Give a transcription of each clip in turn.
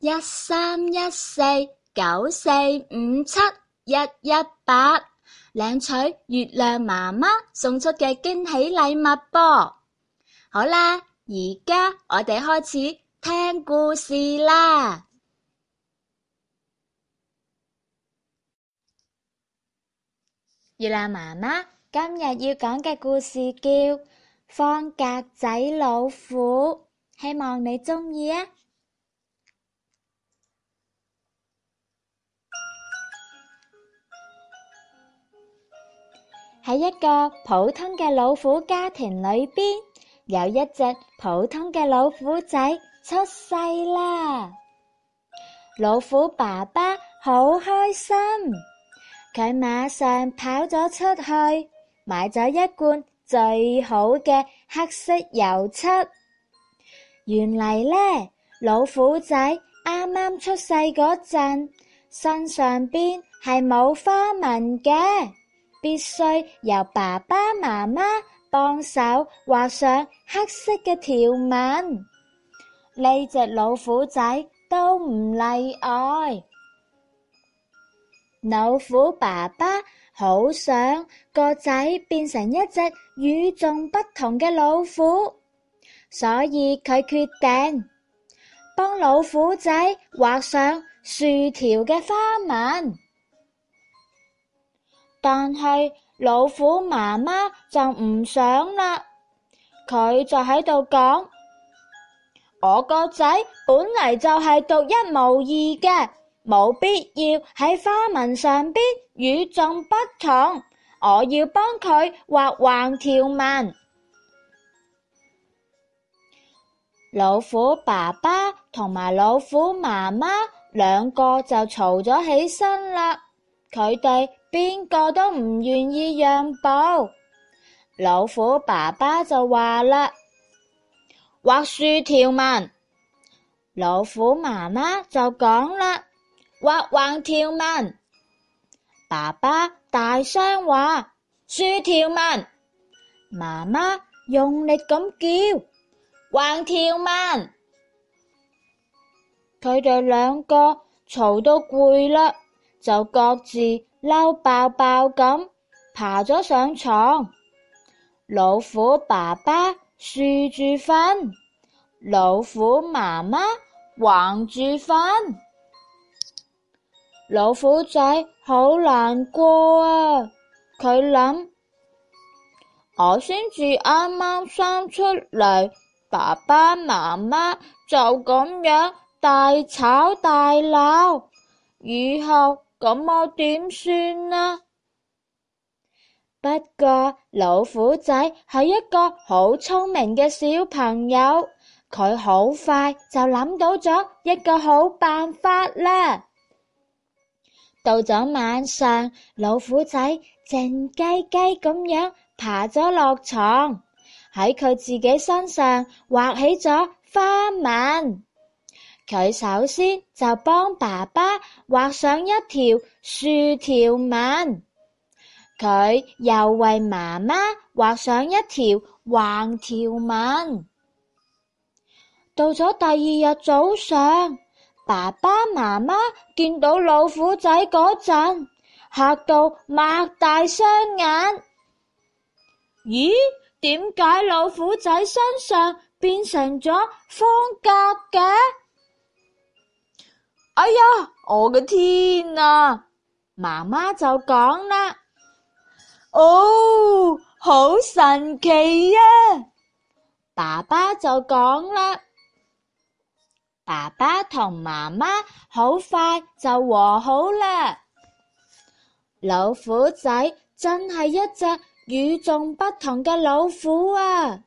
一三一四九四五七一一八，領取月亮媽媽送出嘅驚喜禮物啵！好啦，而家我哋開始聽故事啦。月亮媽媽今日要講嘅故事叫《方格仔老虎》，希望你鍾意啊！喺一個普通嘅老虎家庭裏邊，有一隻普通嘅老虎仔出世啦。老虎爸爸好開心，佢馬上跑咗出去，買咗一罐最好嘅黑色油漆。原嚟呢，老虎仔啱啱出世嗰陣，身上邊係冇花紋嘅。必須由爸爸媽媽幫手畫上黑色嘅條紋，呢隻老虎仔都唔例外。老虎爸爸好想個仔變成一隻與眾不同嘅老虎，所以佢決定幫老虎仔畫上豎條嘅花紋。但係老虎媽媽就唔想啦，佢就喺度講：我個仔本嚟就係獨一無二嘅，冇必要喺花紋上邊與眾不同。我要幫佢畫橫條紋。老虎爸爸同埋老虎媽媽兩個就嘈咗起身啦。佢哋邊個都唔願意讓步，老虎爸爸就話啦：畫豎條紋。老虎媽媽就講啦：畫橫條紋。爸爸大聲話：豎條紋。媽媽用力咁叫：橫條紋。佢哋兩個嘈到攰啦。就各自嬲爆爆咁爬咗上床，老虎爸爸豎住瞓，老虎媽媽橫住瞓，老虎仔好難過啊！佢諗，我先至啱啱生出嚟，爸爸媽媽就咁樣大吵大鬧，以後。咁、嗯、我點算啊？不過老虎仔係一個好聰明嘅小朋友，佢好快就諗到咗一個好辦法啦。到咗晚上，老虎仔靜雞雞咁樣爬咗落床，喺佢自己身上畫起咗花紋。佢首先就幫爸爸畫上一條豎條紋，佢又為媽媽畫上一條橫條紋。到咗第二日早上，爸爸媽媽見到老虎仔嗰陣，吓到擘大雙眼。咦？點解老虎仔身上變成咗方格嘅？哎呀！我嘅天啊！媽媽就講啦，哦，好神奇呀、啊！爸爸就講啦。爸爸同媽媽好快就和好啦。老虎仔真係一隻與眾不同嘅老虎啊！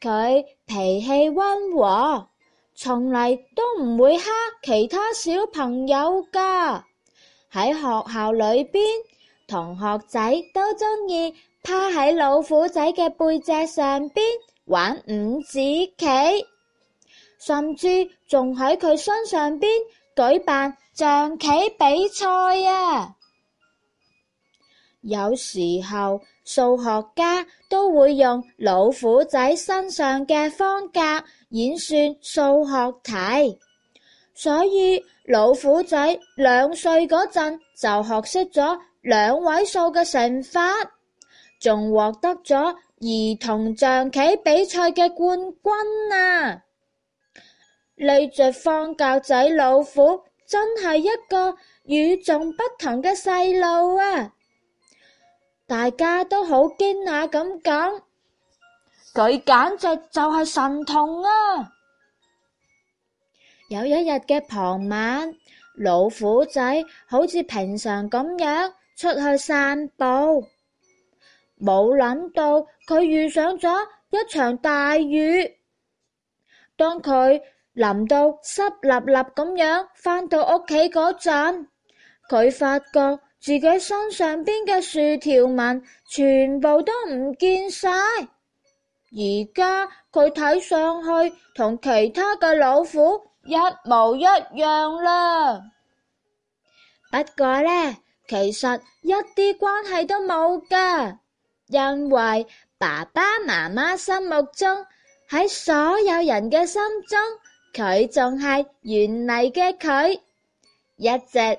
佢脾氣溫和。從嚟都唔會蝦其他小朋友噶，喺學校裏邊，同學仔都鍾意趴喺老虎仔嘅背脊上邊玩五子棋，甚至仲喺佢身上邊舉辦象棋比賽啊！有時候數學家都會用老虎仔身上嘅方格演算數學題，所以老虎仔兩歲嗰陣就學識咗兩位數嘅乘法，仲獲得咗兒童象棋比賽嘅冠軍啊！呢隻方格仔老虎真係一個與眾不同嘅細路啊！大家都好驚訝咁講，佢簡直就係神童啊！有一日嘅傍晚，老虎仔好似平常咁樣出去散步，冇諗到佢遇上咗一場大雨。當佢淋到濕立立咁樣，返到屋企嗰陣，佢發覺。自己身上邊嘅豎條紋全部都唔見晒，而家佢睇上去同其他嘅老虎一模一樣啦。 不過呢，其實一啲關係都冇㗎，因為爸爸媽媽心目中喺所有人嘅心中，佢仲係原來嘅佢，一直……